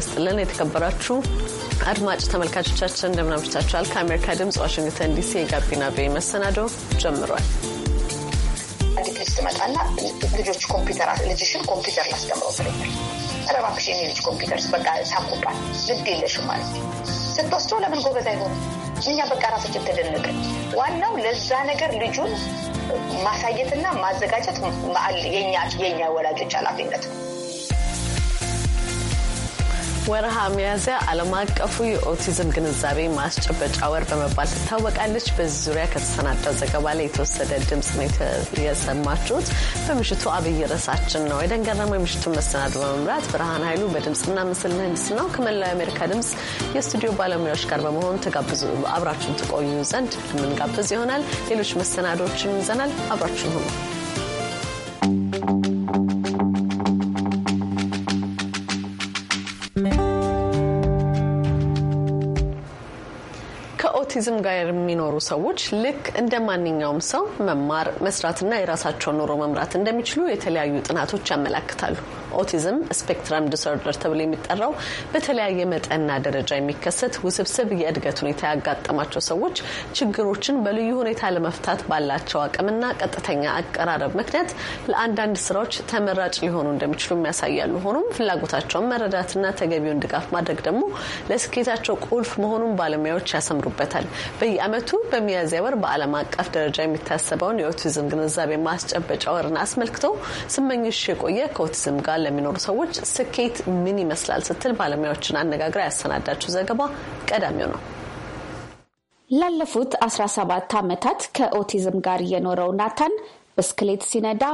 ይስጥልን የተከበራችሁ አድማጭ ተመልካቾቻችን እንደምናምሽታችኋል። ከአሜሪካ ድምጽ ዋሽንግተን ዲሲ የጋቢና ቤ መሰናዶ ጀምሯል። አንድ ልጅ ትመጣና ልጆች ኮምፒውተር ልጅሽን ኮምፒውተር ላስጀምረው ብለኛል። ኧረ የኔ ልጅ ኮምፒውተር በቃ ሳኩባል ግድ የለሽም ማለት ስትወስዶ ለምን ጎበዝ አይሆንም? እኛ በቃ ራሳችን ተደነቅን። ዋናው ለዛ ነገር ልጁን ማሳየትና ማዘጋጀት የኛ ወላጆች ኃላፊነት ነው። ወርሃ ሚያዝያ ዓለም አቀፉ የኦቲዝም ግንዛቤ ማስጨበጫ ወር በመባል ትታወቃለች። በዚህ ዙሪያ ከተሰናዳው ዘገባ ላይ የተወሰደ ድምጽ ነው የሰማችሁት። በምሽቱ አብይ ርዕሳችን ነው። የደን የምሽቱን መሰናዶ በመምራት ብርሃን ኃይሉ በድምፅና ምስል ነው። ከመላው የአሜሪካ ድምፅ የስቱዲዮ ባለሙያዎች ጋር በመሆን አብራችሁን ትቆዩ ዘንድ የምንጋብዝ ይሆናል። ሌሎች መሰናዶዎችን ይዘናል። አብራችሁን ሁኑ። ከኦቲዝም ጋር የሚኖሩ ሰዎች ልክ እንደ ማንኛውም ሰው መማር፣ መስራትና የራሳቸውን ኑሮ መምራት እንደሚችሉ የተለያዩ ጥናቶች ያመላክታሉ። ኦቲዝም ስፔክትረም ዲስኦርደር ተብሎ የሚጠራው በተለያየ መጠንና ደረጃ የሚከሰት ውስብስብ የእድገት ሁኔታ ያጋጠማቸው ሰዎች ችግሮችን በልዩ ሁኔታ ለመፍታት ባላቸው አቅምና ቀጥተኛ አቀራረብ ምክንያት ለአንዳንድ ስራዎች ተመራጭ ሊሆኑ እንደሚችሉ የሚያሳያሉ። ሆኖም ፍላጎታቸውን መረዳትና ተገቢውን ድጋፍ ማድረግ ደግሞ ለስኬታቸው ቁልፍ መሆኑን ባለሙያዎች ያሰምሩበታል። በየአመቱ በሚያዝያ ወር በዓለም አቀፍ ደረጃ የሚታሰበውን የኦቲዝም ግንዛቤ ማስጨበጫ ወርን አስመልክቶ ስመኝሽ የቆየ ከኦቲዝም ጋር ለሚኖሩ ሰዎች ስኬት ምን ይመስላል ስትል ባለሙያዎችን አነጋግራ ያሰናዳችው ዘገባ ቀዳሚው ነው። ላለፉት 17 ዓመታት ከኦቲዝም ጋር የኖረው ናታን ብስክሌት ሲነዳ፣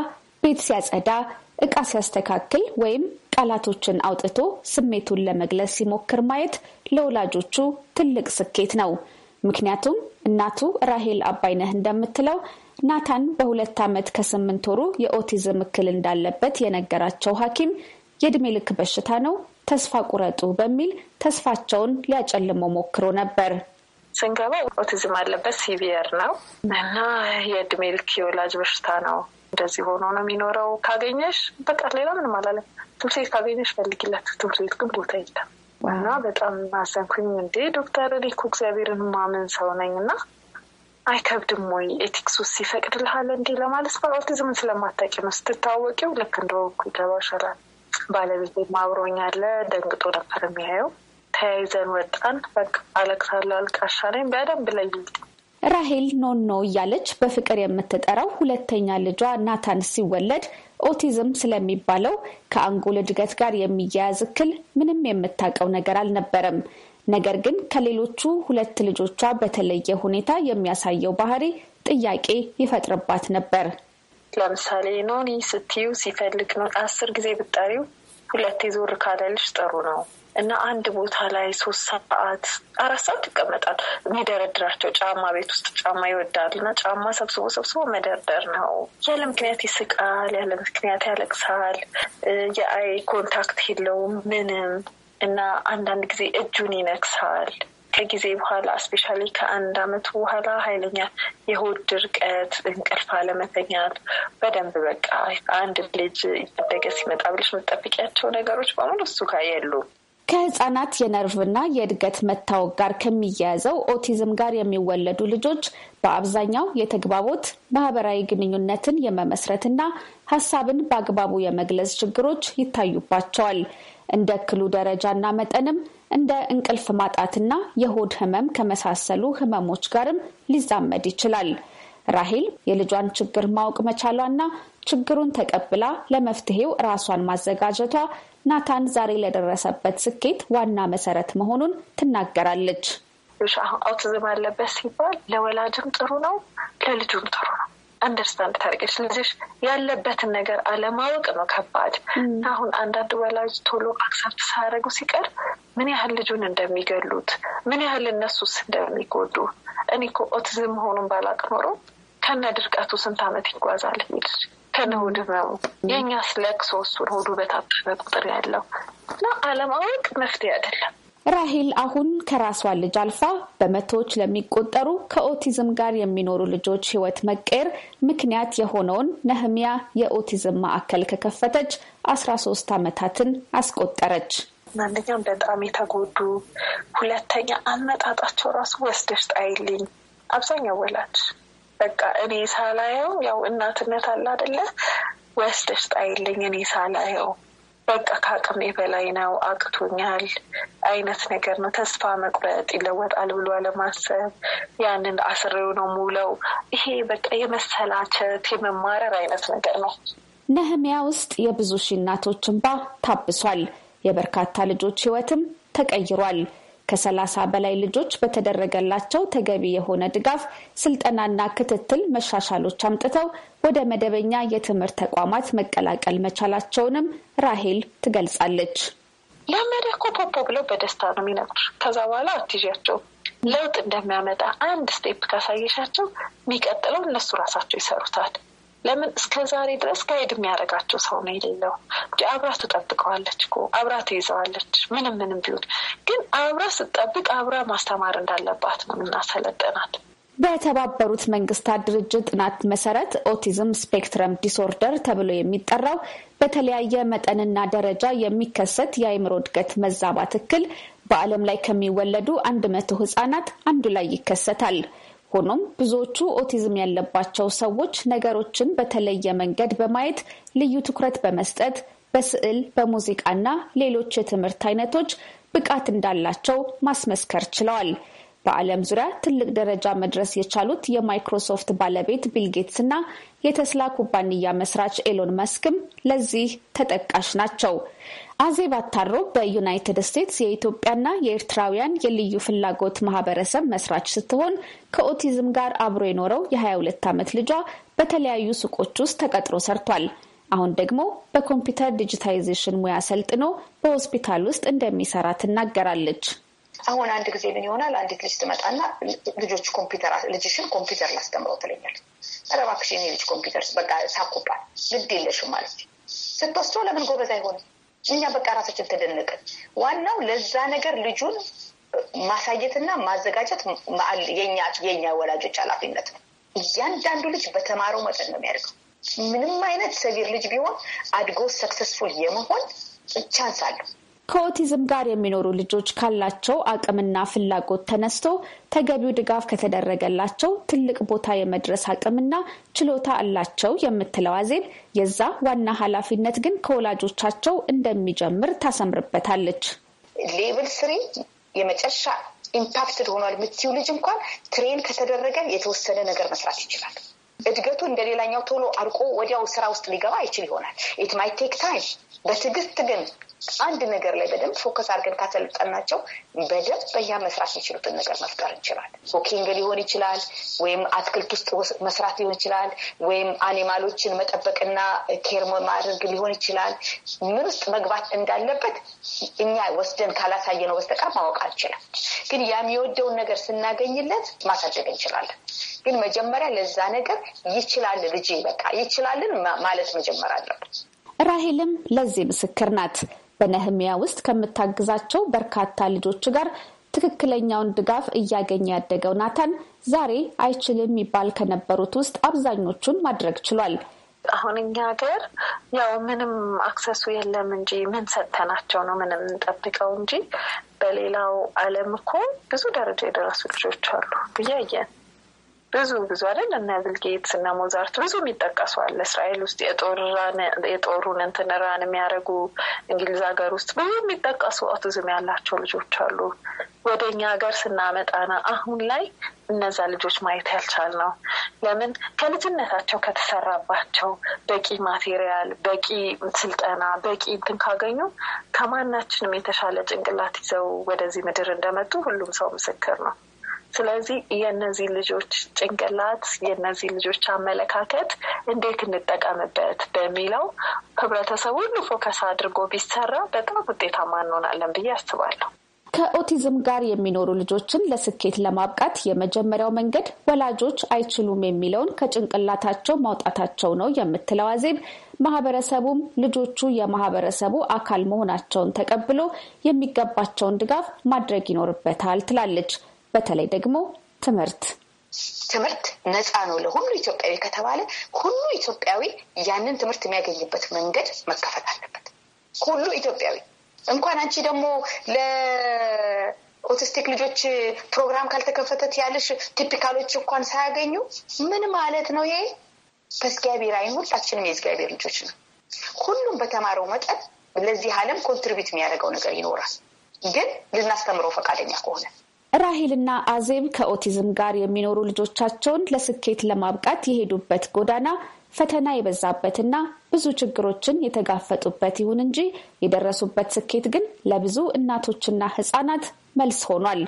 ቤት ሲያጸዳ፣ እቃ ሲያስተካክል ወይም ቃላቶችን አውጥቶ ስሜቱን ለመግለጽ ሲሞክር ማየት ለወላጆቹ ትልቅ ስኬት ነው። ምክንያቱም እናቱ ራሄል አባይነህ እንደምትለው ናታን በሁለት ዓመት ከስምንት ወሩ የኦቲዝም እክል እንዳለበት የነገራቸው ሐኪም የዕድሜ ልክ በሽታ ነው፣ ተስፋ ቁረጡ በሚል ተስፋቸውን ሊያጨልመው ሞክሮ ነበር። ስንገባ ኦቲዝም አለበት፣ ሲቪየር ነው እና የእድሜ ልክ የወላጅ በሽታ ነው። እንደዚህ ሆኖ ነው የሚኖረው። ካገኘሽ በቃ ሌላ ምንም አላለም። ትምህርት ቤት ካገኘሽ ፈልጊላት፣ ትምህርት ቤት ግን ቦታ የለም እና በጣም አዘንኩኝ። እንዴ ዶክተር እኔ እኮ እግዚአብሔርን ማምን ሰው ነኝ እና አይከብድም ወይ ኤቲክስ ውስጥ ይፈቅድልሃል እንዲህ ለማለት ነው። ኦቲዝምን ስለማታውቂ ነው። ስትታወቂው ልክ እንደወኩ ይገባሻላል። ባለቤት አብሮኛለ ደንግጦ ነበር የሚያየው። ተያይዘን ወጣን። በቃ አለቅሳለሁ፣ አልቃሻ ነኝ። በደንብ ለይ ራሄል ኖኖ እያለች በፍቅር የምትጠራው ሁለተኛ ልጇ ናታን ሲወለድ ኦቲዝም ስለሚባለው ከአንጎል እድገት ጋር የሚያያዝ እክል ምንም የምታውቀው ነገር አልነበረም። ነገር ግን ከሌሎቹ ሁለት ልጆቿ በተለየ ሁኔታ የሚያሳየው ባህሪ ጥያቄ ይፈጥርባት ነበር። ለምሳሌ ኖኒ ስትዩ ሲፈልግ ነው። አስር ጊዜ ብጠሪው ሁለቴ ዞር ካለልሽ ጥሩ ነው እና አንድ ቦታ ላይ ሶስት ሰዓት አራት ሰዓት ይቀመጣል። የሚደረድራቸው ጫማ ቤት ውስጥ ጫማ ይወዳል እና ጫማ ሰብስቦ ሰብስቦ መደርደር ነው። ያለ ምክንያት ይስቃል፣ ያለ ምክንያት ያለቅሳል፣ የአይ ኮንታክት የለውም ምንም እና አንዳንድ ጊዜ እጁን ይነክሳል። ከጊዜ በኋላ እስፔሻሊ ከአንድ አመቱ በኋላ ኃይለኛ የሆድ ድርቀት፣ እንቅልፍ አለመተኛት፣ በደንብ በቃ አንድ ልጅ እያደገ ሲመጣ ብለሽ መጠበቂያቸው ነገሮች በሙሉ እሱ ጋር የሉም። ከህጻናት የነርቭና የእድገት መታወቅ ጋር ከሚያያዘው ኦቲዝም ጋር የሚወለዱ ልጆች በአብዛኛው የተግባቦት ማህበራዊ ግንኙነትን የመመስረትና ሀሳብን በአግባቡ የመግለጽ ችግሮች ይታዩባቸዋል። እንደ እክሉ ደረጃና መጠንም እንደ እንቅልፍ ማጣትና የሆድ ህመም ከመሳሰሉ ህመሞች ጋርም ሊዛመድ ይችላል። ራሄል የልጇን ችግር ማወቅ መቻሏና ችግሩን ተቀብላ ለመፍትሄው ራሷን ማዘጋጀቷ ናታን ዛሬ ለደረሰበት ስኬት ዋና መሰረት መሆኑን ትናገራለች። አሁን አውቲዝም አለበት ሲባል ለወላጅም ጥሩ ነው፣ ለልጁም ጥሩ ነው። አንደርስታንድ ታደርገች ስለዚህ ያለበትን ነገር አለማወቅ ነው ከባድ። አሁን አንዳንድ ወላጅ ቶሎ አክሰፕት ሳያደርጉ ሲቀር ምን ያህል ልጁን እንደሚገሉት፣ ምን ያህል እነሱስ እንደሚጎዱ እኔ እኮ ኦቲዝም መሆኑን ባላቅ ኖሮ ከነ ድርቀቱ ስንት ዓመት ይጓዛል ሚል ከነ ሆድ ህመሙ የእኛ ስለክ ሶስቱን ሆዱ በታጠበ ቁጥር ያለው እና አለማወቅ መፍትሄ አይደለም። ራሂል አሁን ከራሷ ልጅ አልፋ በመቶዎች ለሚቆጠሩ ከኦቲዝም ጋር የሚኖሩ ልጆች ሕይወት መቀየር ምክንያት የሆነውን ነህሚያ የኦቲዝም ማዕከል ከከፈተች አስራ ሶስት ዓመታትን አስቆጠረች። አንደኛው በጣም የተጎዱ፣ ሁለተኛ አመጣጣቸው ራሱ ወስደሽ ጣይልኝ። አብዛኛው ወላጅ በቃ እኔ ሳላየው ያው እናትነት አለ አደለ፣ ወስደሽ ጣይልኝ እኔ ሳላየው በቃ ከአቅሜ በላይ ነው፣ አቅቶኛል አይነት ነገር ነው። ተስፋ መቁረጥ፣ ይለወጣል ብሎ አለማሰብ፣ ያንን አስሬው ነው ሙለው። ይሄ በቃ የመሰላቸት የመማረር አይነት ነገር ነው። ነህሚያ ውስጥ የብዙ ሺ እናቶች እንባ ታብሷል። የበርካታ ልጆች ህይወትም ተቀይሯል። ከ30 በላይ ልጆች በተደረገላቸው ተገቢ የሆነ ድጋፍ፣ ስልጠናና ክትትል መሻሻሎች አምጥተው ወደ መደበኛ የትምህርት ተቋማት መቀላቀል መቻላቸውንም ራሄል ትገልጻለች። ለመደ እኮ ፖፖ ብለው በደስታ ነው የሚነግሩ። ከዛ በኋላ አትይዣቸው ለውጥ እንደሚያመጣ አንድ ስቴፕ ካሳየሻቸው የሚቀጥለው እነሱ ራሳቸው ይሰሩታል። ለምን እስከ ዛሬ ድረስ ጋይድ የሚያደርጋቸው ሰው ነው የሌለው። አብራ ትጠብቀዋለች እኮ አብራ ትይዘዋለች። ምንም ምንም ቢሆን ግን አብራ ስትጠብቅ አብራ ማስተማር እንዳለባት ነው እናሰለጠናት። በተባበሩት መንግስታት ድርጅት ጥናት መሰረት ኦቲዝም ስፔክትረም ዲስኦርደር ተብሎ የሚጠራው በተለያየ መጠንና ደረጃ የሚከሰት የአይምሮ እድገት መዛባት እክል በዓለም ላይ ከሚወለዱ አንድ መቶ ህጻናት አንዱ ላይ ይከሰታል። ሆኖም ብዙዎቹ ኦቲዝም ያለባቸው ሰዎች ነገሮችን በተለየ መንገድ በማየት ልዩ ትኩረት በመስጠት በስዕል በሙዚቃና ሌሎች የትምህርት አይነቶች ብቃት እንዳላቸው ማስመስከር ችለዋል። በዓለም ዙሪያ ትልቅ ደረጃ መድረስ የቻሉት የማይክሮሶፍት ባለቤት ቢልጌትስ እና የተስላ ኩባንያ መስራች ኤሎን መስክም ለዚህ ተጠቃሽ ናቸው። አዜብ አታሮ በዩናይትድ ስቴትስ የኢትዮጵያና የኤርትራውያን የልዩ ፍላጎት ማህበረሰብ መስራች ስትሆን ከኦቲዝም ጋር አብሮ የኖረው የ22 ዓመት ልጇ በተለያዩ ሱቆች ውስጥ ተቀጥሮ ሰርቷል። አሁን ደግሞ በኮምፒውተር ዲጂታይዜሽን ሙያ ሰልጥኖ በሆስፒታል ውስጥ እንደሚሰራ ትናገራለች። አሁን አንድ ጊዜ ምን ይሆናል፣ አንዲት ልጅ ትመጣና ልጆች ኮምፒውተር ልጅሽን ኮምፒውተር ላስተምረው ትለኛል። ኧረ የኔ ልጅ ኮምፒውተር በቃ ሳኩባት ግድ የለሽም ማለት ስትወስዶ ለምን ጎበዝ አይሆንም እኛ በቃ ራሳችን ተደነቅን። ዋናው ለዛ ነገር ልጁን ማሳየትና ማዘጋጀት የኛ ወላጆች ኃላፊነት ነው። እያንዳንዱ ልጅ በተማረው መጠን ነው የሚያደርገው። ምንም አይነት ሰቪር ልጅ ቢሆን አድጎ ሰክሰስፉል የመሆን ቻንስ አለው። ከኦቲዝም ጋር የሚኖሩ ልጆች ካላቸው አቅምና ፍላጎት ተነስቶ ተገቢው ድጋፍ ከተደረገላቸው ትልቅ ቦታ የመድረስ አቅምና ችሎታ አላቸው የምትለው አዜብ የዛ ዋና ኃላፊነት ግን ከወላጆቻቸው እንደሚጀምር ታሰምርበታለች። ሌብል ስሪ የመጨረሻ ኢምፓክትድ ሆኗል የምትዩ ልጅ እንኳን ትሬን ከተደረገ የተወሰነ ነገር መስራት ይችላል። እድገቱ እንደሌላኛው ቶሎ አርቆ ወዲያው ስራ ውስጥ ሊገባ አይችል ይሆናል። ኢት ማይ ቴክ ታይም። በትዕግስት ግን አንድ ነገር ላይ በደንብ ፎከስ አድርገን ካሰለጠናቸው በደንብ በኛ መስራት የሚችሉትን ነገር መፍጠር እንችላል። ኩኪንግ ሊሆን ይችላል፣ ወይም አትክልት ውስጥ መስራት ሊሆን ይችላል፣ ወይም አኒማሎችን መጠበቅና ኬር ማድረግ ሊሆን ይችላል። ምን ውስጥ መግባት እንዳለበት እኛ ወስደን ካላሳየ ነው በስተቀር ማወቅ አንችልም። ግን ያ የሚወደውን ነገር ስናገኝለት ማሳደግ እንችላለን። ግን መጀመሪያ ለዛ ነገር ይችላል ልጅ በቃ ይችላልን ማለት መጀመር አለበት። ራሄልም ለዚህ ምስክር ናት። በነህሚያ ውስጥ ከምታግዛቸው በርካታ ልጆች ጋር ትክክለኛውን ድጋፍ እያገኘ ያደገው ናታን ዛሬ አይችልም የሚባል ከነበሩት ውስጥ አብዛኞቹን ማድረግ ችሏል። አሁን እኛ ሀገር ያው ምንም አክሰሱ የለም እንጂ ምን ሰጥተናቸው ነው ምንም እንጠብቀው እንጂ በሌላው ዓለም እኮ ብዙ ደረጃ የደረሱ ልጆች አሉ ብያየን ብዙ ብዙ አይደል እነ ቢል ጌትስ ሞዛርት ብዙ የሚጠቀሱ አለ። እስራኤል ውስጥ የጦሩን እንትን ራን የሚያደርጉ እንግሊዝ ሀገር ውስጥ ብዙ የሚጠቀሱ ኦቲዝም ያላቸው ልጆች አሉ። ወደ እኛ ሀገር ስናመጣና አሁን ላይ እነዛ ልጆች ማየት ያልቻል ነው። ለምን ከልጅነታቸው ከተሰራባቸው በቂ ማቴሪያል፣ በቂ ስልጠና፣ በቂ እንትን ካገኙ ከማናችንም የተሻለ ጭንቅላት ይዘው ወደዚህ ምድር እንደመጡ ሁሉም ሰው ምስክር ነው። ስለዚህ የእነዚህ ልጆች ጭንቅላት የእነዚህ ልጆች አመለካከት እንዴት እንጠቀምበት በሚለው ህብረተሰቡ ሁሉ ፎከስ አድርጎ ቢሰራ በጣም ውጤታማ እንሆናለን ብዬ አስባለሁ። ከኦቲዝም ጋር የሚኖሩ ልጆችን ለስኬት ለማብቃት የመጀመሪያው መንገድ ወላጆች አይችሉም የሚለውን ከጭንቅላታቸው ማውጣታቸው ነው የምትለው አዜብ፣ ማህበረሰቡም ልጆቹ የማህበረሰቡ አካል መሆናቸውን ተቀብሎ የሚገባቸውን ድጋፍ ማድረግ ይኖርበታል ትላለች። በተለይ ደግሞ ትምህርት ትምህርት ነፃ ነው ለሁሉ ኢትዮጵያዊ ከተባለ ሁሉ ኢትዮጵያዊ ያንን ትምህርት የሚያገኝበት መንገድ መከፈት አለበት። ሁሉ ኢትዮጵያዊ እንኳን አንቺ ደግሞ ለኦቲስቲክ ልጆች ፕሮግራም ካልተከፈተት ያለሽ ቲፒካሎች እንኳን ሳያገኙ ምን ማለት ነው ይሄ? በእግዚአብሔር አይን ሁላችንም የእግዚአብሔር ልጆች ነው። ሁሉም በተማረው መጠን ለዚህ ዓለም ኮንትሪቢት የሚያደርገው ነገር ይኖራል። ግን ልናስተምረው ፈቃደኛ ከሆነ ራሄልና አዜብ ከኦቲዝም ጋር የሚኖሩ ልጆቻቸውን ለስኬት ለማብቃት የሄዱበት ጎዳና ፈተና የበዛበትና ብዙ ችግሮችን የተጋፈጡበት ይሁን እንጂ የደረሱበት ስኬት ግን ለብዙ እናቶችና ሕጻናት መልስ ሆኗል።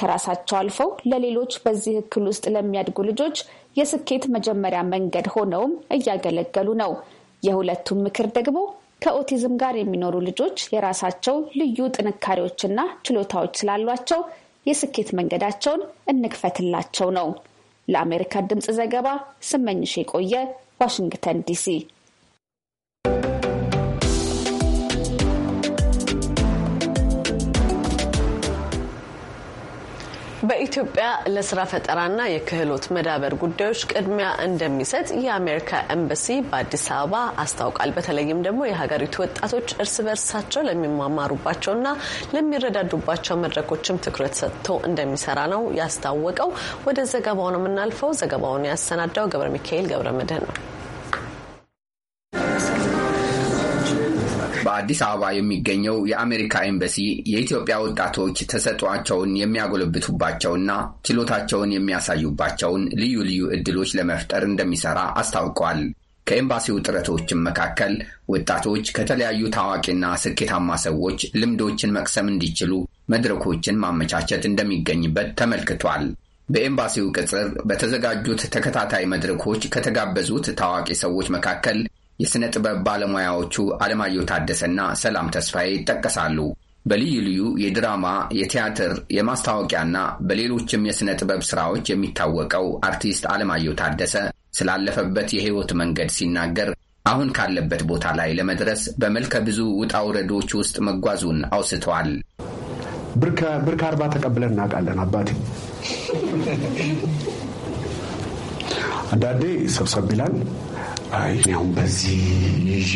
ከራሳቸው አልፈው ለሌሎች በዚህ እክል ውስጥ ለሚያድጉ ልጆች የስኬት መጀመሪያ መንገድ ሆነውም እያገለገሉ ነው። የሁለቱም ምክር ደግሞ ከኦቲዝም ጋር የሚኖሩ ልጆች የራሳቸው ልዩ ጥንካሬዎችና ችሎታዎች ስላሏቸው የስኬት መንገዳቸውን እንክፈትላቸው ነው። ለአሜሪካ ድምፅ ዘገባ ስመኝሽ የቆየ ዋሽንግተን ዲሲ በኢትዮጵያ ለስራ ፈጠራና የክህሎት መዳበር ጉዳዮች ቅድሚያ እንደሚሰጥ የአሜሪካ ኤምባሲ በአዲስ አበባ አስታውቃል። በተለይም ደግሞ የሀገሪቱ ወጣቶች እርስ በርሳቸው ለሚማማሩባቸውና ለሚረዳዱባቸው መድረኮችም ትኩረት ሰጥቶ እንደሚሰራ ነው ያስታወቀው። ወደ ዘገባው ነው የምናልፈው። ዘገባውን ያሰናዳው ገብረ ሚካኤል ገብረ መድህን ነው። በአዲስ አበባ የሚገኘው የአሜሪካ ኤምባሲ የኢትዮጵያ ወጣቶች ተሰጧቸውን የሚያጎለብቱባቸውና ችሎታቸውን የሚያሳዩባቸውን ልዩ ልዩ እድሎች ለመፍጠር እንደሚሰራ አስታውቋል። ከኤምባሲው ጥረቶችን መካከል ወጣቶች ከተለያዩ ታዋቂና ስኬታማ ሰዎች ልምዶችን መቅሰም እንዲችሉ መድረኮችን ማመቻቸት እንደሚገኝበት ተመልክቷል። በኤምባሲው ቅጽር በተዘጋጁት ተከታታይ መድረኮች ከተጋበዙት ታዋቂ ሰዎች መካከል የሥነ ጥበብ ባለሙያዎቹ አለማየሁ ታደሰና ሰላም ተስፋዬ ይጠቀሳሉ። በልዩ ልዩ የድራማ፣ የቲያትር፣ የማስታወቂያና በሌሎችም የሥነ ጥበብ ሥራዎች የሚታወቀው አርቲስት አለማየሁ ታደሰ ስላለፈበት የሕይወት መንገድ ሲናገር አሁን ካለበት ቦታ ላይ ለመድረስ በመልከ ብዙ ውጣ ውረዶች ውስጥ መጓዙን አውስተዋል። ብርከ አርባ ተቀብለን እናውቃለን። አባቴ አንዳንዴ ሰብሰብ ይላል፣ አይ አሁን በዚህ ይዤ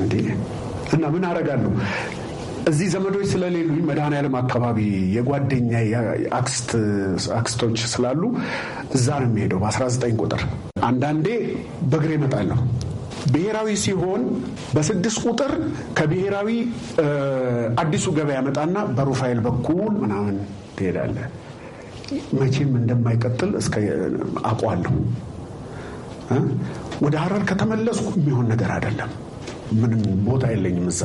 እንዴ እና ምን አደርጋለሁ? እዚህ ዘመዶች ስለሌሉኝ መድኃኔዓለም አካባቢ የጓደኛ አክስቶች ስላሉ እዛ ነው የሚሄደው። በ19 ቁጥር አንዳንዴ በእግሬ እመጣለሁ። ብሔራዊ ሲሆን በስድስት ቁጥር ከብሔራዊ አዲሱ ገበያ መጣና በሩፋኤል በኩል ምናምን ትሄዳለህ። መቼም እንደማይቀጥል እስከ አውቀዋለሁ። ወደ ሀረር ከተመለስኩ የሚሆን ነገር አይደለም። ምንም ቦታ የለኝም እዛ።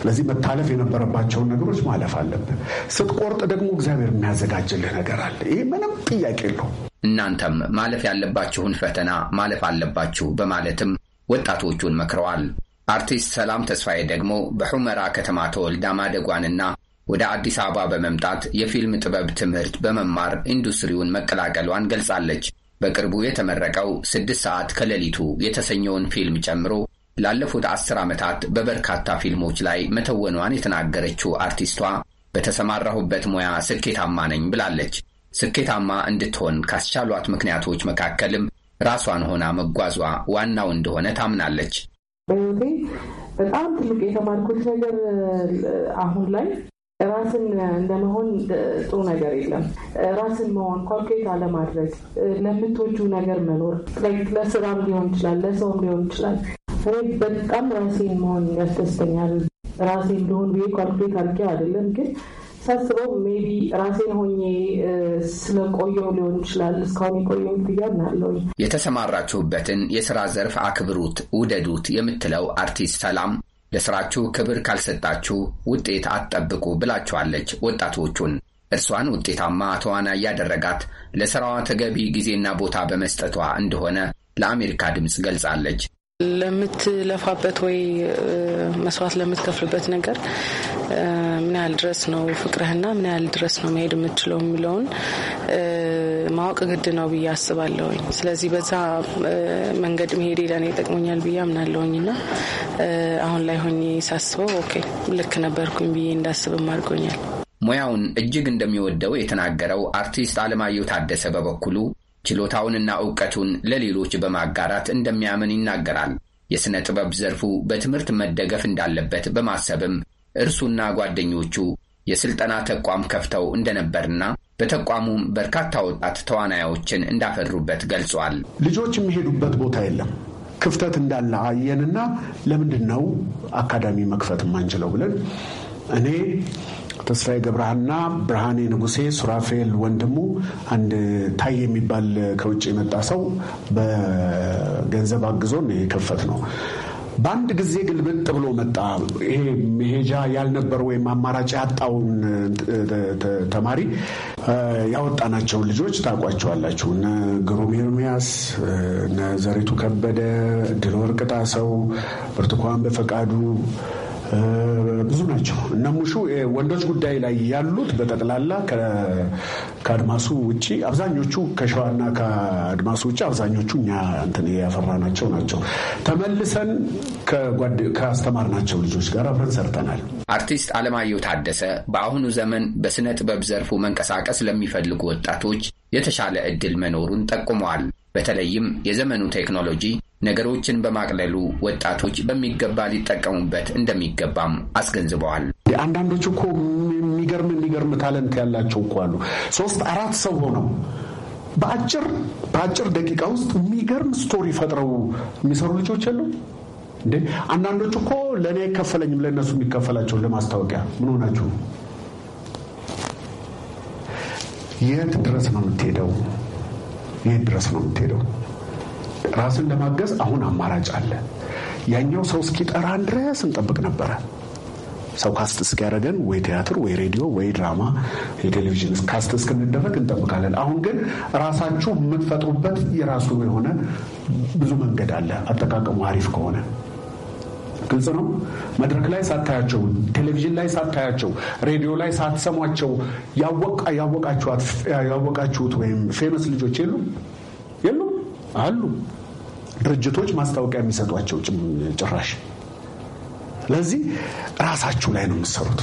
ስለዚህ መታለፍ የነበረባቸውን ነገሮች ማለፍ አለብን። ስትቆርጥ ደግሞ እግዚአብሔር የሚያዘጋጅልህ ነገር አለ። ይህ ምንም ጥያቄ የለውም። እናንተም ማለፍ ያለባችሁን ፈተና ማለፍ አለባችሁ በማለትም ወጣቶቹን መክረዋል። አርቲስት ሰላም ተስፋዬ ደግሞ በሑመራ ከተማ ተወልዳ ማደጓንና ወደ አዲስ አበባ በመምጣት የፊልም ጥበብ ትምህርት በመማር ኢንዱስትሪውን መቀላቀሏን ገልጻለች። በቅርቡ የተመረቀው ስድስት ሰዓት ከሌሊቱ የተሰኘውን ፊልም ጨምሮ ላለፉት አስር ዓመታት በበርካታ ፊልሞች ላይ መተወኗን የተናገረችው አርቲስቷ በተሰማራሁበት ሙያ ስኬታማ ነኝ ብላለች። ስኬታማ እንድትሆን ካስቻሏት ምክንያቶች መካከልም ራሷን ሆና መጓዟ ዋናው እንደሆነ ታምናለች። በህይወቴ በጣም ትልቅ የተማርኩት ነገር አሁን ላይ ራስን እንደመሆን ጥሩ ነገር የለም። ራስን መሆን ኮምፕሌት አለማድረግ፣ ለምትወጁ ነገር መኖር፣ ለስራም ሊሆን ይችላል፣ ለሰውም ሊሆን ይችላል። እኔ በጣም ራሴን መሆን ያስደስተኛል። ራሴን ሊሆን ብዬ ኮምፕሌት አድርጌ አይደለም ግን ሳስበው ሜቢ ራሴን ሆኜ ስለቆየው ሊሆን ይችላል። እስካሁን የቆየው ብያ አለው። የተሰማራችሁበትን የስራ ዘርፍ አክብሩት፣ ውደዱት የምትለው አርቲስት ሰላም ለሥራችሁ ክብር ካልሰጣችሁ ውጤት አትጠብቁ ብላችኋለች ወጣቶቹን። እርሷን ውጤታማ ተዋናይ ያደረጋት ለሥራዋ ተገቢ ጊዜና ቦታ በመስጠቷ እንደሆነ ለአሜሪካ ድምፅ ገልጻለች። ለምትለፋበት ወይ መስዋዕት ለምትከፍልበት ነገር ምን ያህል ድረስ ነው ፍቅርህና ምን ያህል ድረስ ነው መሄድ የምትችለው የሚለውን ማወቅ ግድ ነው ብዬ አስባለሁኝ። ስለዚህ በዛ መንገድ መሄድ ለእኔ ይጠቅሞኛል ብዬ አምናለሁኝ እና አሁን ላይ ሆኜ ሳስበው ኦኬ ልክ ነበርኩኝ ብዬ እንዳስብም አድርጎኛል። ሙያውን እጅግ እንደሚወደው የተናገረው አርቲስት አለማየሁ ታደሰ በበኩሉ ችሎታውንና እውቀቱን ለሌሎች በማጋራት እንደሚያምን ይናገራል። የሥነ ጥበብ ዘርፉ በትምህርት መደገፍ እንዳለበት በማሰብም እርሱና ጓደኞቹ የሥልጠና ተቋም ከፍተው እንደነበርና በተቋሙም በርካታ ወጣት ተዋናዮችን እንዳፈሩበት ገልጿል። ልጆች የሚሄዱበት ቦታ የለም ክፍተት እንዳለ አየንና ለምንድን ነው አካዳሚ መክፈት የማንችለው ብለን እኔ ተስፋዬ ገብረሃና ብርሃኔ ንጉሴ፣ ሱራፌል ወንድሙ፣ አንድ ታይ የሚባል ከውጭ የመጣ ሰው በገንዘብ አግዞን የከፈት ነው። በአንድ ጊዜ ግልብጥ ብሎ መጣ። ይሄ መሄጃ ያልነበረ ወይም አማራጭ ያጣውን ተማሪ ያወጣናቸውን ልጆች ታውቋቸዋላችሁ። እነ ግሩም ኤርሚያስ፣ እነ ዘሪቱ ከበደ፣ ድል ወርቅጣ ሰው፣ ብርቱካን በፈቃዱ ብዙ ናቸው። እነ ሙሹ ወንዶች ጉዳይ ላይ ያሉት በጠቅላላ ከአድማሱ ውጭ አብዛኞቹ ከሸዋና ከአድማሱ ውጭ አብዛኞቹ እኛ እንትን ያፈራናቸው ናቸው። ተመልሰን ካስተማርናቸው ልጆች ጋር አብረን ሰርተናል። አርቲስት አለማየሁ ታደሰ በአሁኑ ዘመን በስነ ጥበብ ዘርፉ መንቀሳቀስ ለሚፈልጉ ወጣቶች የተሻለ እድል መኖሩን ጠቁመዋል። በተለይም የዘመኑ ቴክኖሎጂ ነገሮችን በማቅለሉ ወጣቶች በሚገባ ሊጠቀሙበት እንደሚገባም አስገንዝበዋል። አንዳንዶች እኮ የሚገርም የሚገርም ታለንት ያላቸው እኮ አሉ። ሶስት አራት ሰው ሆነው በአጭር በአጭር ደቂቃ ውስጥ የሚገርም ስቶሪ ፈጥረው የሚሰሩ ልጆች አሉ። እንዴ? አንዳንዶች እኮ ለእኔ አይከፈለኝም፣ ለእነሱ የሚከፈላቸው ለማስታወቂያ ምን ሆናችሁ? የት ድረስ ነው የምትሄደው? የት ድረስ ነው የምትሄደው? ራስን ለማገዝ አሁን አማራጭ አለ። ያኛው ሰው እስኪጠራን ድረስ እንጠብቅ ነበረ። ሰው ካስት እስኪያደረገን ወይ ቲያትር ወይ ሬዲዮ ወይ ድራማ የቴሌቪዥን ካስት እስክንደረግ እንጠብቃለን። አሁን ግን ራሳችሁ የምትፈጥሩበት የራሱ የሆነ ብዙ መንገድ አለ፣ አጠቃቀሙ አሪፍ ከሆነ ግልጽ ነው። መድረክ ላይ ሳታያቸው፣ ቴሌቪዥን ላይ ሳታያቸው፣ ሬዲዮ ላይ ሳትሰሟቸው ያወቃችሁት ወይም ፌመስ ልጆች የሉ የሉ አሉ ድርጅቶች ማስታወቂያ የሚሰጧቸው ጭራሽ። ለዚህ ራሳችሁ ላይ ነው የምትሰሩት።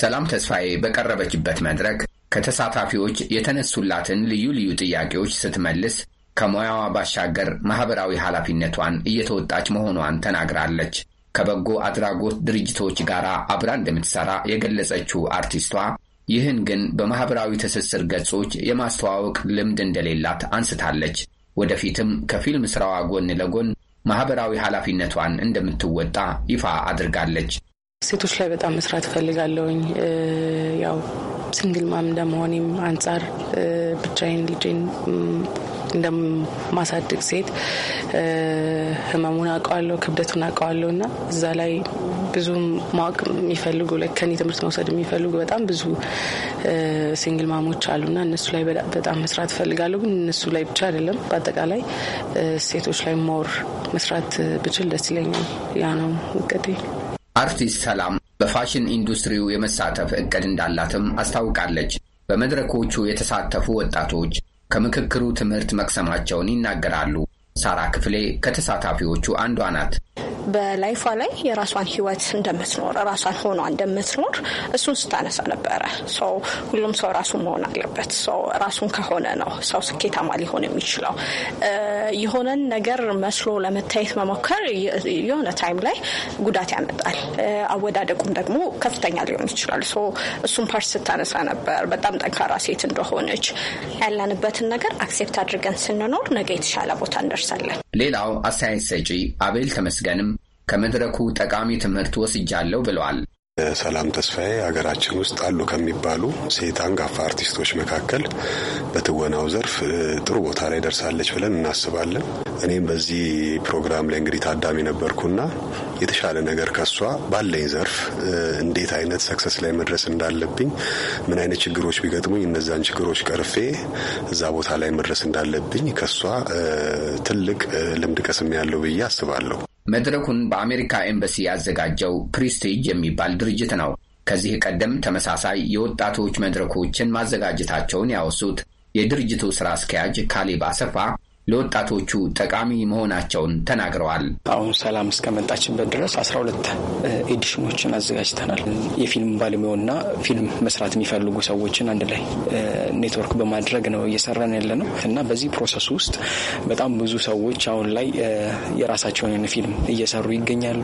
ሰላም ተስፋዬ በቀረበችበት መድረክ ከተሳታፊዎች የተነሱላትን ልዩ ልዩ ጥያቄዎች ስትመልስ ከሙያዋ ባሻገር ማኅበራዊ ኃላፊነቷን እየተወጣች መሆኗን ተናግራለች። ከበጎ አድራጎት ድርጅቶች ጋር አብራ እንደምትሠራ የገለጸችው አርቲስቷ ይህን ግን በማኅበራዊ ትስስር ገጾች የማስተዋወቅ ልምድ እንደሌላት አንስታለች። ወደፊትም ከፊልም ስራዋ ጎን ለጎን ማህበራዊ ኃላፊነቷን እንደምትወጣ ይፋ አድርጋለች። ሴቶች ላይ በጣም መስራት እፈልጋለሁኝ። ያው ሲንግል ማም እንደመሆኔም አንጻር ብቻዬን ልጄን እንደማሳድግ ሴት ህመሙን አውቀዋለሁ፣ ክብደቱን አውቀዋለሁ እና እዛ ላይ ብዙ ማወቅ የሚፈልጉ ከኔ ትምህርት መውሰድ የሚፈልጉ በጣም ብዙ ሲንግል ማሞች አሉና እነሱ ላይ በጣም መስራት እፈልጋለሁ። ግን እነሱ ላይ ብቻ አይደለም፣ በአጠቃላይ ሴቶች ላይ ሞር መስራት ብችል ደስ ይለኛል። ያ ነው እቅዴ። አርቲስት ሰላም በፋሽን ኢንዱስትሪው የመሳተፍ እቅድ እንዳላትም አስታውቃለች። በመድረኮቹ የተሳተፉ ወጣቶች ከምክክሩ ትምህርት መቅሰማቸውን ይናገራሉ። ሳራ ክፍሌ ከተሳታፊዎቹ አንዷ ናት። በላይፏ ላይ የራሷን ህይወት እንደምትኖር ራሷን ሆኗ እንደምትኖር እሱን ስታነሳ ነበረ። ሁሉም ሰው ራሱ መሆን አለበት። ሰው ራሱን ከሆነ ነው ሰው ስኬታማ ሊሆን የሚችለው። የሆነን ነገር መስሎ ለመታየት መሞከር የሆነ ታይም ላይ ጉዳት ያመጣል። አወዳደቁም ደግሞ ከፍተኛ ሊሆን ይችላል። እሱን ፓርት ስታነሳ ነበር። በጣም ጠንካራ ሴት እንደሆነች ያለንበትን ነገር አክሴፕት አድርገን ስንኖር ነገ የተሻለ ቦታ እንደርሳለን። ሌላው አስተያየት ሰጪ አቤል ተመስገንም ከመድረኩ ጠቃሚ ትምህርት ወስጃለሁ ብለዋል። ሰላም ተስፋዬ ሀገራችን ውስጥ አሉ ከሚባሉ ሴት አንጋፋ አርቲስቶች መካከል በትወናው ዘርፍ ጥሩ ቦታ ላይ ደርሳለች ብለን እናስባለን። እኔም በዚህ ፕሮግራም ላይ እንግዲህ ታዳሚ ነበርኩና የተሻለ ነገር ከሷ ባለኝ ዘርፍ እንዴት አይነት ሰክሰስ ላይ መድረስ እንዳለብኝ፣ ምን አይነት ችግሮች ቢገጥሙኝ እነዛን ችግሮች ቀርፌ እዛ ቦታ ላይ መድረስ እንዳለብኝ ከሷ ትልቅ ልምድ ቀስሜ ያለው ብዬ አስባለሁ። መድረኩን በአሜሪካ ኤምባሲ ያዘጋጀው ፕሪስቲጅ የሚባል ድርጅት ነው። ከዚህ ቀደም ተመሳሳይ የወጣቶች መድረኮችን ማዘጋጀታቸውን ያወሱት የድርጅቱ ስራ አስኪያጅ ካሌብ አሰፋ ለወጣቶቹ ጠቃሚ መሆናቸውን ተናግረዋል። አሁን ሰላም እስከመጣችንበት ድረስ አስራ ሁለት ኤዲሽኖችን አዘጋጅተናል። የፊልም ባለሙያውና ፊልም መስራት የሚፈልጉ ሰዎችን አንድ ላይ ኔትወርክ በማድረግ ነው እየሰራን ያለ ነው እና በዚህ ፕሮሰስ ውስጥ በጣም ብዙ ሰዎች አሁን ላይ የራሳቸውን ፊልም እየሰሩ ይገኛሉ።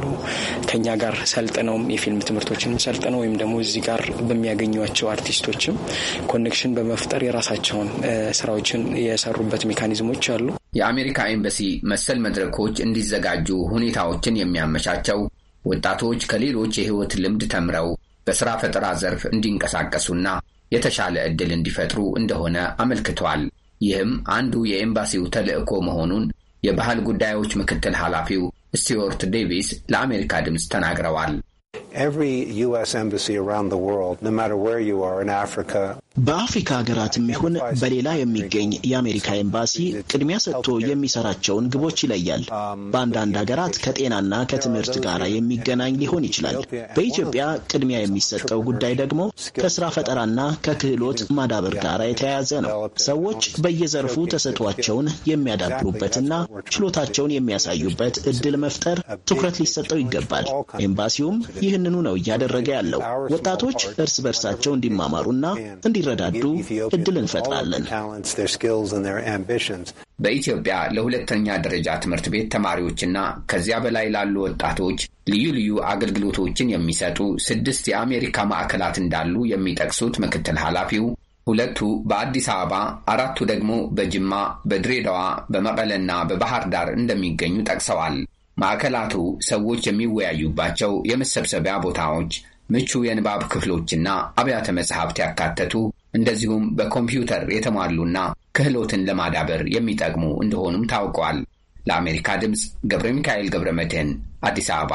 ከኛ ጋር ሰልጥነውም የፊልም ትምህርቶችን ሰልጥነው ወይም ደግሞ እዚህ ጋር በሚያገኟቸው አርቲስቶችም ኮኔክሽን በመፍጠር የራሳቸውን ስራዎችን የሰሩበት ሜካኒዝሞች አሉ። የአሜሪካ ኤምባሲ መሰል መድረኮች እንዲዘጋጁ ሁኔታዎችን የሚያመቻቸው ወጣቶች ከሌሎች የህይወት ልምድ ተምረው በሥራ ፈጠራ ዘርፍ እንዲንቀሳቀሱና የተሻለ ዕድል እንዲፈጥሩ እንደሆነ አመልክቷል። ይህም አንዱ የኤምባሲው ተልዕኮ መሆኑን የባህል ጉዳዮች ምክትል ኃላፊው ስቲዎርት ዴቪስ ለአሜሪካ ድምፅ ተናግረዋል። በአፍሪካ ሀገራትም ይሁን በሌላ የሚገኝ የአሜሪካ ኤምባሲ ቅድሚያ ሰጥቶ የሚሰራቸውን ግቦች ይለያል። በአንዳንድ ሀገራት ከጤናና ከትምህርት ጋር የሚገናኝ ሊሆን ይችላል። በኢትዮጵያ ቅድሚያ የሚሰጠው ጉዳይ ደግሞ ከስራ ፈጠራና ከክህሎት ማዳበር ጋር የተያያዘ ነው። ሰዎች በየዘርፉ ተሰጥቷቸውን የሚያዳብሩበትና ችሎታቸውን የሚያሳዩበት እድል መፍጠር ትኩረት ሊሰጠው ይገባል። ኤምባሲውም ይህንኑ ነው እያደረገ ያለው። ወጣቶች እርስ በርሳቸው እንዲማማሩና እንዲ እንዲረዳዱ እድል እንፈጥራለን። በኢትዮጵያ ለሁለተኛ ደረጃ ትምህርት ቤት ተማሪዎችና ከዚያ በላይ ላሉ ወጣቶች ልዩ ልዩ አገልግሎቶችን የሚሰጡ ስድስት የአሜሪካ ማዕከላት እንዳሉ የሚጠቅሱት ምክትል ኃላፊው ሁለቱ በአዲስ አበባ፣ አራቱ ደግሞ በጅማ፣ በድሬዳዋ፣ በመቀለና በባህር ዳር እንደሚገኙ ጠቅሰዋል። ማዕከላቱ ሰዎች የሚወያዩባቸው የመሰብሰቢያ ቦታዎች ምቹ የንባብ ክፍሎችና አብያተ መጽሐፍት ያካተቱ እንደዚሁም በኮምፒውተር የተሟሉና ክህሎትን ለማዳበር የሚጠቅሙ እንደሆኑም ታውቋል። ለአሜሪካ ድምፅ ገብረ ሚካኤል ገብረ መድህን አዲስ አበባ።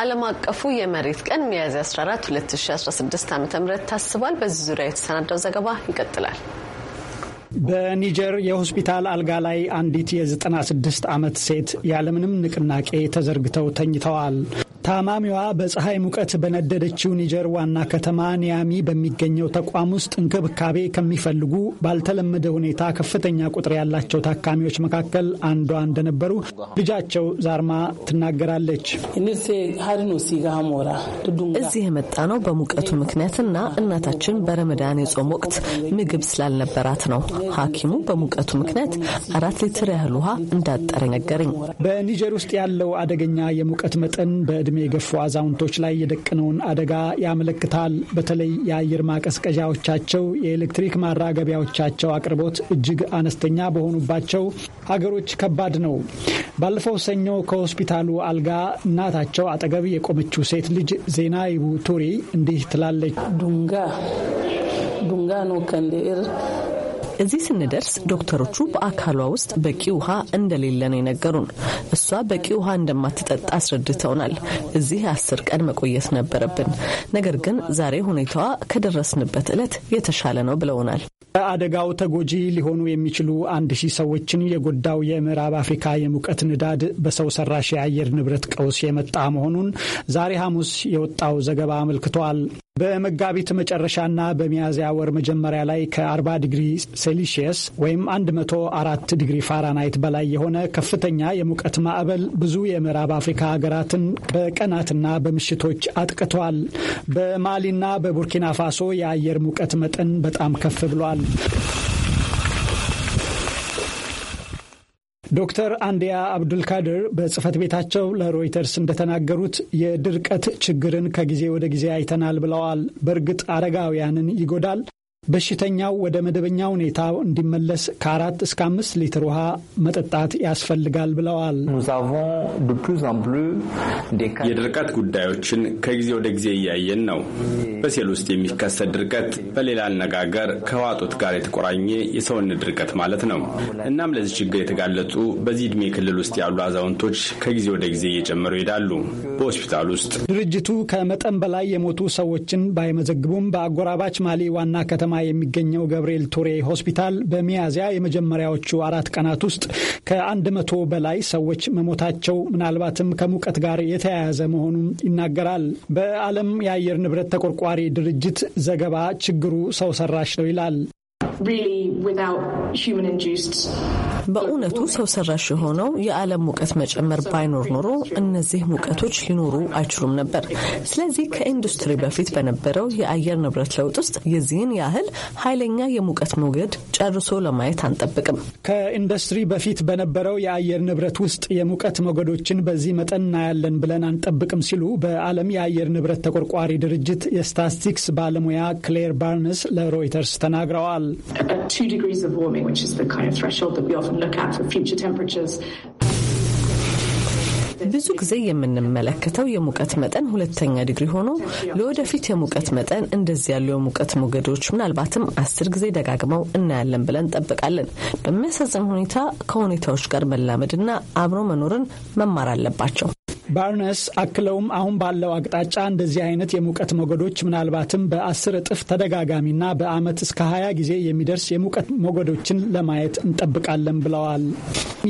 ዓለም አቀፉ የመሬት ቀን ሚያዝያ 14 2016 ዓ ም ታስቧል። በዚህ ዙሪያ የተሰናዳው ዘገባ ይቀጥላል። በኒጀር የሆስፒታል አልጋ ላይ አንዲት የ96 ዓመት ሴት ያለምንም ንቅናቄ ተዘርግተው ተኝተዋል። ታማሚዋ በፀሐይ ሙቀት በነደደችው ኒጀር ዋና ከተማ ኒያሚ በሚገኘው ተቋም ውስጥ እንክብካቤ ከሚፈልጉ ባልተለመደ ሁኔታ ከፍተኛ ቁጥር ያላቸው ታካሚዎች መካከል አንዷ እንደነበሩ ልጃቸው ዛርማ ትናገራለች። እዚህ የመጣ ነው በሙቀቱ ምክንያትና እናታችን በረመዳን የጾም ወቅት ምግብ ስላልነበራት ነው። ሐኪሙ በሙቀቱ ምክንያት አራት ሊትር ያህል ውሃ እንዳጠረ ነገረኝ። በኒጀር ውስጥ ያለው አደገኛ የሙቀት መጠን በዕድሜ የገፉ አዛውንቶች ላይ የደቀነውን አደጋ ያመለክታል። በተለይ የአየር ማቀዝቀዣዎቻቸው፣ የኤሌክትሪክ ማራገቢያዎቻቸው አቅርቦት እጅግ አነስተኛ በሆኑባቸው ሀገሮች ከባድ ነው። ባለፈው ሰኞ ከሆስፒታሉ አልጋ እናታቸው አጠገብ የቆመችው ሴት ልጅ ዜናይቡ ቱሪ እንዲህ ትላለች። ዱንጋ ዱንጋ ነው ከንዴር እዚህ ስንደርስ ዶክተሮቹ በአካሏ ውስጥ በቂ ውሃ እንደሌለ ነው የነገሩን። እሷ በቂ ውሃ እንደማትጠጣ አስረድተውናል። እዚህ አስር ቀን መቆየት ነበረብን። ነገር ግን ዛሬ ሁኔታዋ ከደረስንበት ዕለት የተሻለ ነው ብለውናል። በአደጋው ተጎጂ ሊሆኑ የሚችሉ አንድ ሺህ ሰዎችን የጎዳው የምዕራብ አፍሪካ የሙቀት ንዳድ በሰው ሰራሽ የአየር ንብረት ቀውስ የመጣ መሆኑን ዛሬ ሐሙስ የወጣው ዘገባ አመልክቷል። በመጋቢት መጨረሻና በሚያዝያ ወር መጀመሪያ ላይ ከ40 ዲግሪ ሴልሺየስ ወይም 104 ዲግሪ ፋራናይት በላይ የሆነ ከፍተኛ የሙቀት ማዕበል ብዙ የምዕራብ አፍሪካ ሀገራትን በቀናትና በምሽቶች አጥቅቷል። በማሊና በቡርኪና ፋሶ የአየር ሙቀት መጠን በጣም ከፍ ብሏል። ዶክተር አንዲያ አብዱልካድር በጽህፈት ቤታቸው ለሮይተርስ እንደተናገሩት የድርቀት ችግርን ከጊዜ ወደ ጊዜ አይተናል ብለዋል። በእርግጥ አረጋውያንን ይጎዳል፣ በሽተኛው ወደ መደበኛ ሁኔታ እንዲመለስ ከአራት እስከ አምስት ሊትር ውሃ መጠጣት ያስፈልጋል ብለዋል። የድርቀት ጉዳዮችን ከጊዜ ወደ ጊዜ እያየን ነው። በሴል ውስጥ የሚከሰት ድርቀት በሌላ አነጋገር ከዋጦት ጋር የተቆራኘ የሰውነት ድርቀት ማለት ነው። እናም ለዚህ ችግር የተጋለጡ በዚህ ዕድሜ ክልል ውስጥ ያሉ አዛውንቶች ከጊዜ ወደ ጊዜ እየጨመሩ ይሄዳሉ። በሆስፒታል ውስጥ ድርጅቱ ከመጠን በላይ የሞቱ ሰዎችን ባይመዘግቡም በአጎራባች ማሊ ዋና ከተማ የሚገኘው ገብርኤል ቱሬ ሆስፒታል በሚያዝያ የመጀመሪያዎቹ አራት ቀናት ውስጥ ከአንድ መቶ በላይ ሰዎች መሞታቸው ምናልባትም ከሙቀት ጋር የተያያዘ መሆኑን ይናገራል። በዓለም የአየር ንብረት ተቆርቋሪ ድርጅት ዘገባ ችግሩ ሰው ሰራሽ ነው ይላል። በእውነቱ ሰው ሰራሽ የሆነው የዓለም ሙቀት መጨመር ባይኖር ኖሮ እነዚህ ሙቀቶች ሊኖሩ አይችሉም ነበር። ስለዚህ ከኢንዱስትሪ በፊት በነበረው የአየር ንብረት ለውጥ ውስጥ የዚህን ያህል ኃይለኛ የሙቀት ሞገድ ጨርሶ ለማየት አንጠብቅም። ከኢንዱስትሪ በፊት በነበረው የአየር ንብረት ውስጥ የሙቀት ሞገዶችን በዚህ መጠን እናያለን ብለን አንጠብቅም ሲሉ በዓለም የአየር ንብረት ተቆርቋሪ ድርጅት የስታስቲክስ ባለሙያ ክሌር ባርነስ ለሮይተርስ ተናግረዋል። Uh, two degrees of warming, which is the kind of threshold that we often look at for future temperatures. ብዙ ጊዜ የምንመለከተው የሙቀት መጠን ሁለተኛ ዲግሪ ሆኖ ለወደፊት የሙቀት መጠን እንደዚህ ያሉ የሙቀት ሞገዶች ምናልባትም አስር ጊዜ ደጋግመው እናያለን ብለን እንጠብቃለን። በሚያሳዝን ሁኔታ ከሁኔታዎች ጋር መላመድና አብሮ መኖርን መማር አለባቸው። ባርነስ አክለውም አሁን ባለው አቅጣጫ እንደዚህ አይነት የሙቀት ሞገዶች ምናልባትም በአስር እጥፍ ተደጋጋሚና በአመት እስከ ሀያ ጊዜ የሚደርስ የሙቀት ሞገዶችን ለማየት እንጠብቃለን ብለዋል።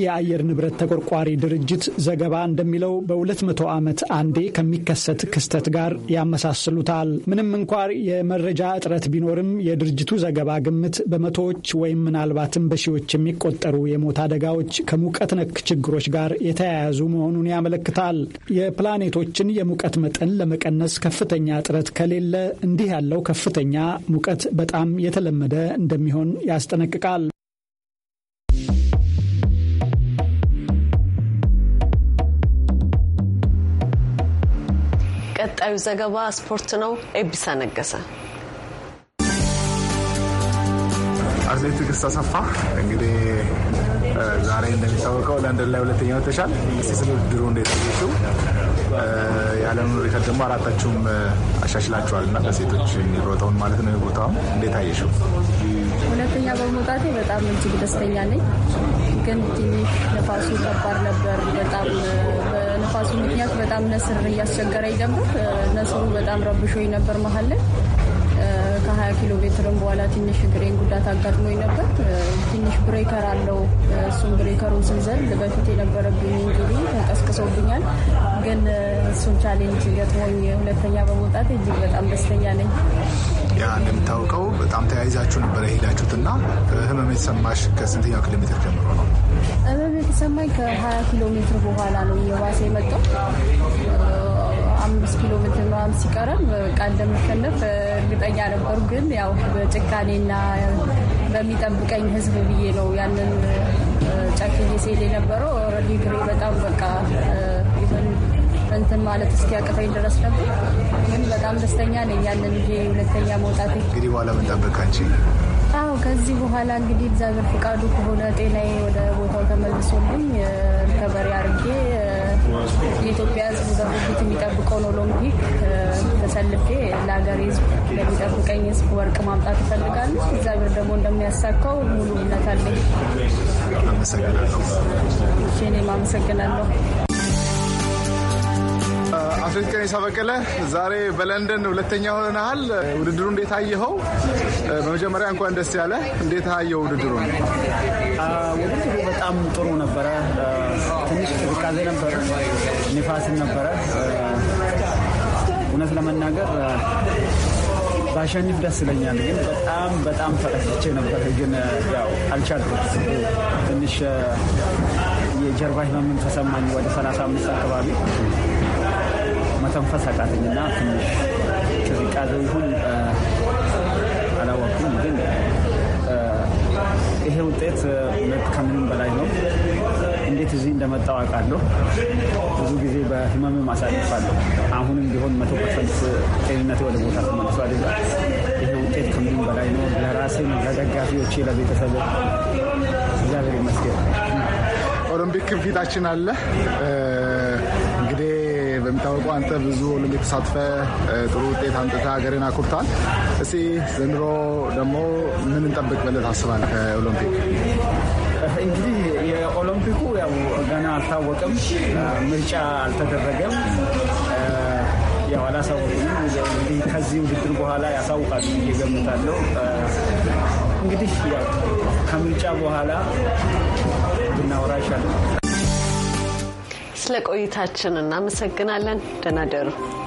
የአየር ንብረት ተቆርቋሪ ድርጅት ዘገባ እንደሚለው በሁለት መቶ ዓመት አንዴ ከሚከሰት ክስተት ጋር ያመሳስሉታል። ምንም እንኳር የመረጃ እጥረት ቢኖርም የድርጅቱ ዘገባ ግምት በመቶዎች ወይም ምናልባትም በሺዎች የሚቆጠሩ የሞት አደጋዎች ከሙቀት ነክ ችግሮች ጋር የተያያዙ መሆኑን ያመለክታል። የፕላኔቶችን የሙቀት መጠን ለመቀነስ ከፍተኛ ጥረት ከሌለ እንዲህ ያለው ከፍተኛ ሙቀት በጣም የተለመደ እንደሚሆን ያስጠነቅቃል። ቀጣዩ ዘገባ ስፖርት ነው። ኤቢሳ ነገሰ አትሌቲክስ አሰፋ እንግዲህ ዛሬ እንደሚታወቀው ለንደን ላይ ሁለተኛ ወጥተሻል። ስለ ውድድሩ እንዴት ያየሽው? የዓለም ሪከርድ ደግሞ አራታችሁም አሻሽላችኋል እና ለሴቶች የሚሮጠውን ማለት ነው። ቦታውም እንዴት አየሽው? ሁለተኛ በመውጣቴ በጣም እጅግ ደስተኛ ነኝ። ግን ትንሽ ነፋሱ ከባድ ነበር። በጣም በነፋሱ ምክንያት በጣም ነስር እያስቸገረኝ ደግሞ ነስሩ በጣም ረብሾኝ ነበር መሀል ላይ ከ20 ኪሎ ሜትርን በኋላ ትንሽ እግሬን ጉዳት አጋጥሞኝ ነበር። ትንሽ ብሬከር አለው። እሱን ብሬከሩን ስንዘል በፊት የነበረብኝ እንግዲ ተንቀስቅሰውብኛል። ግን እሱን ቻሌንጅ ገጥሞኝ ሁለተኛ በመውጣት እጅግ በጣም ደስተኛ ነኝ። ያ እንደምታውቀው በጣም ተያይዛችሁ ነበር የሄዳችሁት እና ህመም የተሰማሽ ከስንተኛው ኪሎ ሜትር ጀምሮ ነው? ህመም የተሰማኝ ከ20 ኪሎ ሜትር በኋላ ነው የባሰ የመጣው። አምስት ኪሎ ሜትር ምናምን ሲቀረም ቃል እንደምሸነፍ እርግጠኛ ነበሩ። ግን ያው በጭካኔና በሚጠብቀኝ ህዝብ ብዬ ነው ያንን ጨክዬ ሴል የነበረው ኦልሬዲ ግሬ በጣም በቃ እንትን ማለት እስኪያቅፈኝ ድረስ ነበር። ግን በጣም ደስተኛ ነኝ ያንን ይሄ ሁለተኛ መውጣት እንግዲህ በኋላ ምን ጠበቅ አንቺ? አዎ ከዚህ በኋላ እንግዲህ እግዚአብሔር ፍቃዱ ከሆነ ጤናዬ ወደ ቦታው ተመልሶልኝ ከበሬ አድርጌ የኢትዮጵያ ሕዝብ በጉጉት የሚጠብቀው ነው። ሎንጊ ተሰልፌ ለሀገር ሕዝብ ለሚጠብቀኝ ሕዝብ ወርቅ ማምጣት ይፈልጋሉ እግዚአብሔር ደግሞ እንደሚያሳካው ሙሉ እምነት አለኝ። አመሰግናለሁ። እኔም አመሰግናለሁ። አትሌት ቀነኒሳ በቀለ ዛሬ በለንደን ሁለተኛ ሆነሃል። ውድድሩ እንዴት አየኸው? በመጀመሪያ እንኳን ደስ ያለ። እንዴት አየኸው ነው ውድድሩ በጣም ጥሩ ነበረ። ትንሽ ቅዝቃዜ ነበረ፣ ንፋስም ነበረ። እውነት ለመናገር ባሸንፍ ደስ ይለኛል፣ ግን በጣም በጣም ፈረስቼ ነበር። ግን ያው አልቻልኩም። ትንሽ የጀርባ ህመምን ተሰማኝ። ወደ 35 አካባቢ መተንፈስ አቃተኝ አቃተኝና ትንሽ ቅዝቃዜ ይሁን አላወቅኩም። ግን ይሄ ውጤት ከምንም በላይ ነው። እንዴት እዚህ እንደመጣሁ አውቃለሁ። ብዙ ጊዜ በህመምም አሳልፋለሁ። አሁንም ቢሆን መቶ ፐርሰንት ጤንነቴ ወደ ቦታ ተመልሶ አይደለም። ይህ ውጤት ከምንም በላይ ነው። ለራሴም፣ ለደጋፊዎቼ፣ ለቤተሰብ እግዚአብሔር ይመስገን። ኦሎምፒክ ፊታችን አለ እንግዲህ በሚታወቀው አንተ ብዙ ኦሎምፒክ ተሳትፈ ጥሩ ውጤት አምጥተ ሀገርን አኩርታል። እስኪ ዘንድሮ ደግሞ ምን እንጠብቅ ብለህ ታስባለህ ከኦሎምፒክ? እንግዲህ ረቂቁ ያው ገና አልታወቀም፣ ምርጫ አልተደረገም። ያው አላሳወቁም። እንግዲህ ከዚህ ውድድር በኋላ ያሳውቃል ብዬ ገምታለሁ። እንግዲህ ያው ከምርጫ በኋላ ብናወራ ይሻላል። ስለ ቆይታችን እናመሰግናለን። ደህና ደሩ።